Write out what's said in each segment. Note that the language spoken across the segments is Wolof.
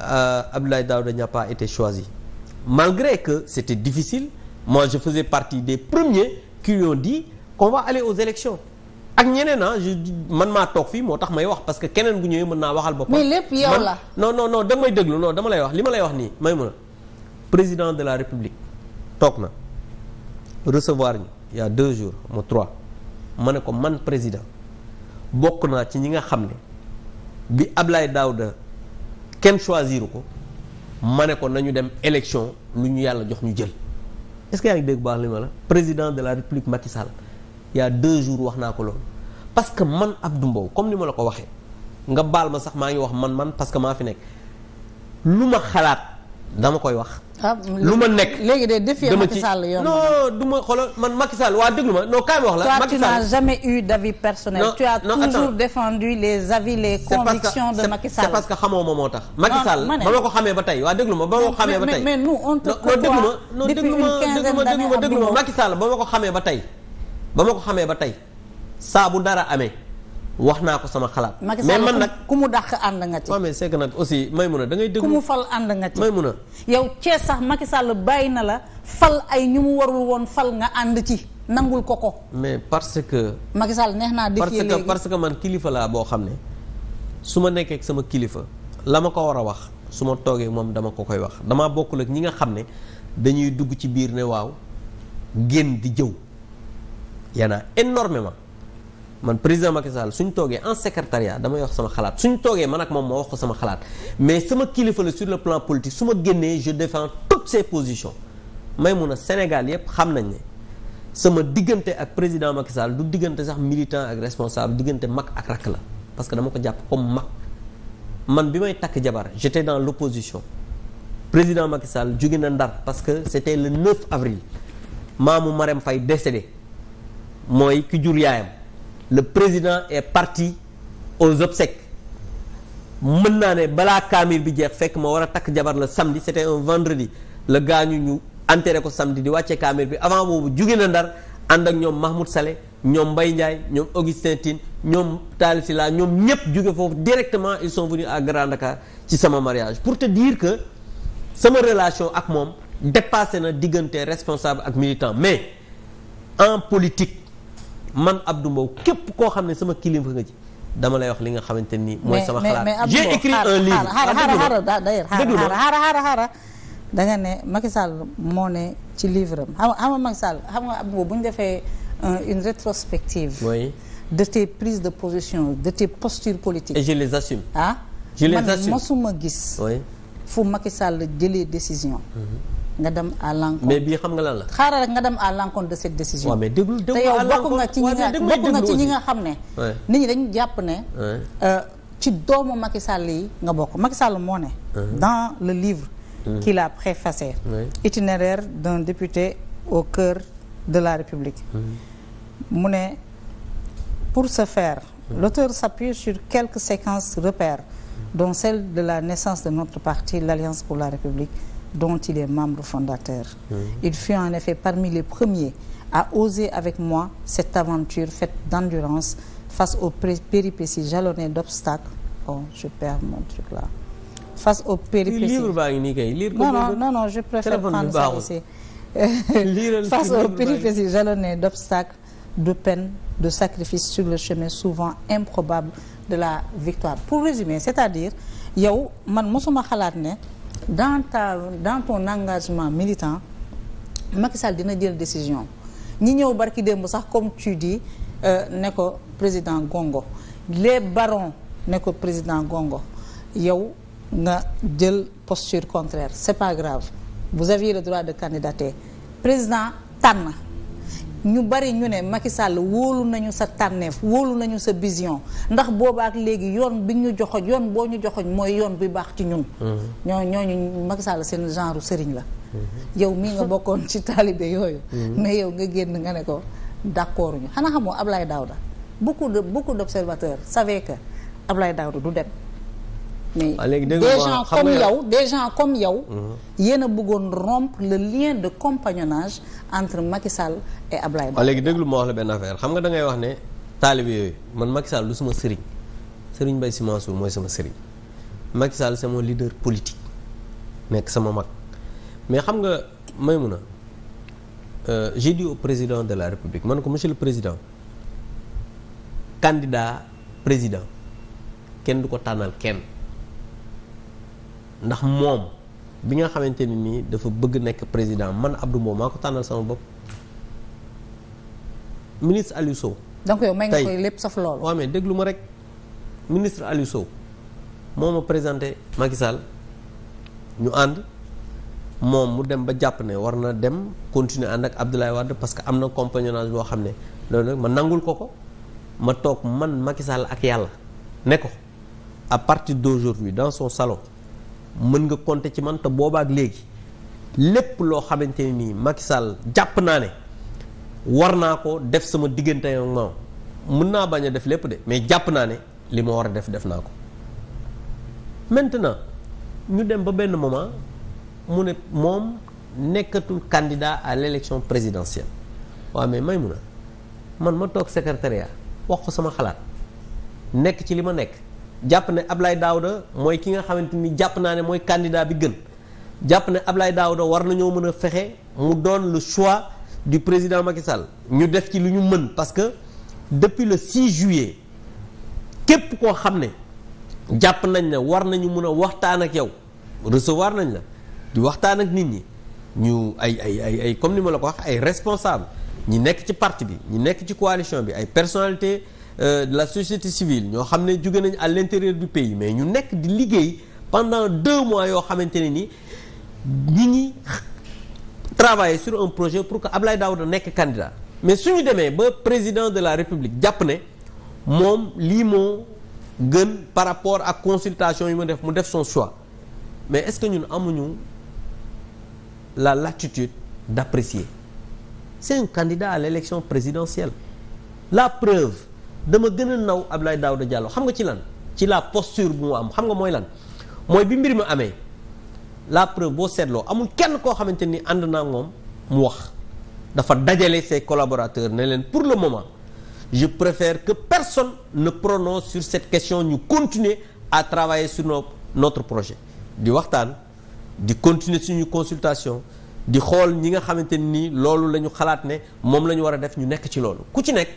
Euh, Abdoulaye Daouda n'a pas été choisi malgré que c'était difficile moi je faisais partie des premier qui lui ont dit qu'on va aller aux élections ak ñeneen ah je man maa toog fii moo tax may wax parce que keneen bu ñëwee mën naa waxal boppam. mais lépp yow la non non non damay déglu non dama lay wax li ma lay wax nii may mën a président de la république toog na recevoir ñu il y deux jours mo trois ma ne ko man président bokk naa ci ñi nga xam ne bi Ablaye d kenn choisir ko ma ne ko nañu dem élection lu ñu yàlla jox ñu jël est-ce que yaa ngi dégg baax li ma la président de la république Macky Sall il y deux jours wax naa ko loolu parce que man Abdou Mbow comme ni ma la ko waxee nga baal ma sax maa ngi wax man man parce que maa fi nekk lu ma xalaat. dama koy wax. Ah, lu ma nekk léegi de défier Macky Sall yow. non ma xoolal man Macky Sall waa déglu ma non kaay ma wax la. Macky Sall toi tu n'as jamais eu d'avis personnel. non non tu as toujours défendu les avis les convictions de Macky ma moo tax. ba ma ko xamee ba tey waa déglu ma ba ma ko xamee ba tey. mais nous on te côtoie depuis une quinzaine d'années non déglu ma déglu ma déglu ma Macky Sall ba ma ko xamee ba tey. ba ma ko xamee ba tey saa bu dara amee. wax naa ko sama xalaat. mais man nag ku mu dàq ànd nga ci. waaw mais c'est que nag aussi Maymuna da ngay déglu ku mu fal ànd nga ci Maymuna. yow Thiès sax Macky Sall bàyyi na la fal ay ñu mu warul woon fal nga ànd ci nangul ko ko. mais parce que. Macky Sall neex naa défier léegi parce que man kilifa laa boo xam ne su ma nekkee ak sama kilifa la ma ko war a wax su ma toogee moom dama ko koy wax damaa bokkul ak ñi nga xam ne dañuy dugg ci biir ne waaw génn di jëw yana énormément man président Macky Sall suñ toogee en secrétariat damay wax sama xalaat suñ toogee man ak moom ma wax ko sama xalaat mais sama kilifa la sur le plan politique su ma génnee je défends toutes ses positions may mun a Sénégal yépp xam nañ ne sama diggante ak président Macky Sall du diggante sax militant ak responsable diggante mag ak rakk la parce que dama ko jàpp comme mag man bi may takk jabar j'étais dans l'opposition président Macky Sall jóge na Ndar parce que c'était le 9 avril maamu Marème Faye décédé mooy ki jur yaayam le président et parti aux obsèques mën naa ne balaa kaamil bi jeex fekk ma war a takk jabar la samedi c'était un vendredi la gaañu ñu entere ko samedi di wàcce kaamir bi avant boobu jóge na Ndar ànd ak ñoom Mahmoud Saleh ñoom mbay Ndiaye ñoom Augustin Tine ñoom Talla Sylla ñoom ñëpp jóge foofu directement il sont venus à Grand ci sama mariage pour te dire que sama relation ak moom dépassé na diggante responsable ak militant mais en politique man Abdou Mbow képp koo xam ne sama kilifa nga ci dama lay wax li nga xamante ni. mooy sama xalaat j'ai écrit un livre xaaral da nga ne Macky moo ne ci livre am xam nga xam nga Macky xam nga Abdou bu ñu defee euh, une rétrospective. oui de tes prises de position de tes postures politiques. et je les assume. ah je les assume man gis. fu Macky Sall jëlee décision. Mm-hmm. nga dem à l'encontre bii xam nga la. xaaral nga dem à l'encontre de cette décision. waaw mais déglu déglu à te yow bokk nga ci ñi nga xam ne. nit ñi dañu jàpp ne. Euh, ci doomu Macky Sall yi nga bokk Macky Sall moo ne. Uh-huh. dans le livre. Uh-huh. qu'il a préfacé. itinéraire d'un député au cœur de la République. Uh-huh. mu ne pour ce faire. l'auteur s'appuie sur quelques séquences repères dont celle de la naissance de notre parti l'Alliance pour la République. dont il est membre fondateur. Mmh. Il fut en effet parmi les premiers à oser avec moi cette aventure faite d'endurance face aux péripéties jalonnées d'obstacles. Oh, je perds mon truc là. Face aux péripéties. Non, non, non, non, je préfère prendre ça ici. face aux péripéties jalonnées d'obstacles, de peines, de sacrifices sur le chemin souvent improbable de la victoire. Pour résumer, c'est-à-dire, yow man mosuma xalaat ne dans ta dans ton engagement militant Macky Sall dina jël décision ñi ñëw barki démb sax comme tu dis euh, ne ko président Gongo les barons ne ko président Gongo yow nga jël posture contraire c'est pas grave vous aviez le droit de candidater président tànn ñu bari ñu ne Macky Sall wóolu nañu sa tànneef wóolu nañu sa vision ndax boobaak léegi yoon bi ñu joxoñ yoon boo ñu joxoñ mooy yoon bi baax ci ñun mm-hmm. ñoo ñooñu Macky Sall seen genre sëriñ la mm-hmm. yow mii nga bokkoon ci taalibe yooyu mm-hmm. mais yow nga génn nga ne ko d'accord ñu xanaa xamoo Ablaye Daouda beaucoup de beaucoup d'observateurs savaient que Ablaye Daouda du dem mais ah, des gens comme yow des gens comme yow. Mhm. yéen a bëggoon rompre le de compagnonnage entre Macky Sall et Ablaye Ba. Ah, léegi ma wax benn affaire xam nga da ngay wax ne taalibe man Macky Sall sama sëriñ sëriñ Mbaye Sy mooy sama sëriñ Macky Sall c'est mon leader nekk sama mag mais xam nga Maïmouna euh, j'ai dit au président de la République man ko monsieur le président candidat président kenn du ko tànnal kenn. ndax moom bi nga xamante ne nii dafa bëgg nekk président man Abdou Mbow maa ko tànnal sama bopp ministre Aliou Sow. donc yow lépp sauf loolu. déglu ma rek ministre Aliou Sow moo ma présenté Macky ñu ànd moom mu dem ba jàpp ne war na dem continuer ànd ak Abdoulaye Wade parce que am na compagnonnage boo xam ne loolu nag ma nangul ko ko ma toog man Macky Sall ak yàlla ne ko à partir d'aujourd'hui dans son salon. mën nga konte ci man te boobaak léegi lépp loo xamante ne nii Macky Sall jàpp naa ne war naa ko def sama diggante ak moom mën naa bañ a def lépp de mais jàpp naa ne li ma war a def def naa ko maintenant ñu dem ba benn moment mu ne moom nekkatul candidat à l'élection présidentielle waaw mais may mun a man ma toog secrétariat wax ko sama xalaat nekk ci li ma nekk jàpp ne Ablaye Daouda mooy ki nga xamante ni jàpp naa ne mooy candidat bi gën jàpp ne Ablaye Daouda war nañoo mën a fexe mu doon le choix du président Macky ñu def ci lu ñu mën parce que depuis le 6 juillet képp koo xam ne jàpp nañ ne war nañu mën a waxtaan ak yow recevoir nañ la di waxtaan ak nit ñi ñu ay ay ay ay comme ni ma la ko wax ay responsable ñi nekk ci parti bi ñi nekk ci coalition bi ay personnalité Euh, de la société civile ñoo xam ne jóge nañ à l'intérieur du pays mais ñu nekk di liggéey pendant deux mois yoo xamante ne ni ñi ngi travailler sur un projet pour que Ablaye Daouda nekk candidat mais suñu demee ba président de la République jàpp ne moom lii moo gën par rapport ak consultation yi ma def mu def son choix mais est-ce que ñun amuñu la latitude d'apprécier c'est un candidat à l'élection présidentielle la preuve dama gën a naw ab Abdoulaye Daouda Diallo xam nga ci lan ci la posture bu mu am xam nga mooy lan mooy bi mbir mi amee la preuve boo seetloo amul kenn koo xamante ni ànd naa moom mu wax dafa dajale ses collaborateur ne leen pour le moment je préfère que personne ne prononce sur cette question ñu continuer à travailler sur nos notre projet di waxtaan di continuer suñu consultation di xool ñi nga xamante ni loolu la ñu xalaat ne moom la ñu war a def ñu nekk ci loolu ku ci nekk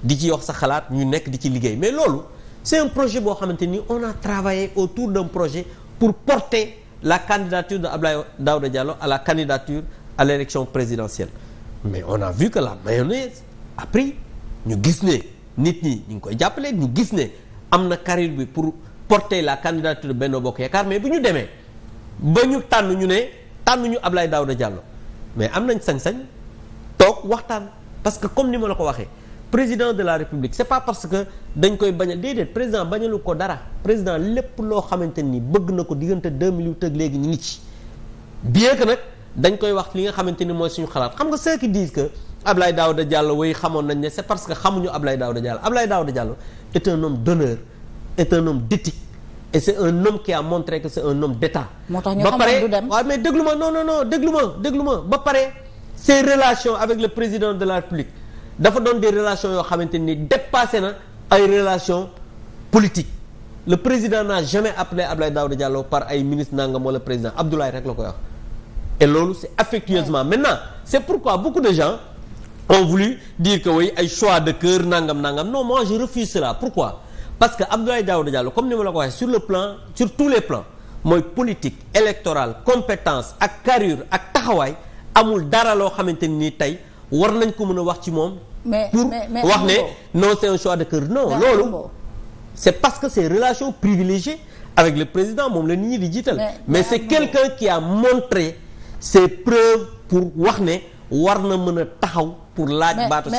di ci wax sa xalaat ñu nekk di ci liggéey mais loolu c'est un projet boo xamante ni on a travaillé autour d'un projet pour porter la candidature de Abdoulaye Daouda Diallo à la candidature à l'élection présidentielle mais on a vu que la mayonnaise a ñu gis ne nit ñi ñu ngi koy jàppale ñu gis ne am na carrière bi pour porter la candidature de Benno Bokk Yaakaar mais bu ñu demee ba ñu tànn ñu ne tànn ñu Abdoulaye Daouda Diallo mais am nañ sañ-sañ toog waxtaan parce que comme ni ma la ko waxee président de la république c'est pas parce que dañ koy bañ a déedéet président bañalu ko dara président lépp loo xamante ni bëgg na ko diggante 2008 ak léegi ñu ngi ci bien que nag dañ koy wax li nga xamante ni mooy suñu xalaat xam nga ce qui disent que Ablaye Daouda Diallo way xamoon nañ ne c'est parce que xamuñu Ablaye Daouda Diallo Ablaye Daouda Diallo est un homme d'honneur est un homme d'éthique et c'est un homme qui a montré que c'est un homme d'état moo tax ñu ba pare mais déglu ma non non non ma déglu ma ba pare ses relations avec le président de la République dafa doon des relation yoo xamante ni dépassé na ay relations politiques le président n'a jamais appelé Abdoulaye Daouda Diallo par ay ministre nangam wala président Abdoulaye rek la koy wax et loolu c'est affectueusement maintenant c'est pourquoi beaucoup de gens ont voulu dire que ay choix de cœur nangam nangam non moi je refuse cela pourquoi parce que Abdoulaye Daouda Diallo comme ni ma la ko waxee sur le plan sur tous les plans mooy politique électorale compétence ak carrure ak taxawaay amul dara loo xamante ni tey war nañ ko mën a wax ci moom. pour wax ne non c'est un choix de cœur non loolu. c'est parce que c'est relation privilégiée avec le président moom la nit ñi di jiital. mais c'est quelqu'un qui a montré ses preuves pour wax ne war na mën a taxaw pour laaj baatu.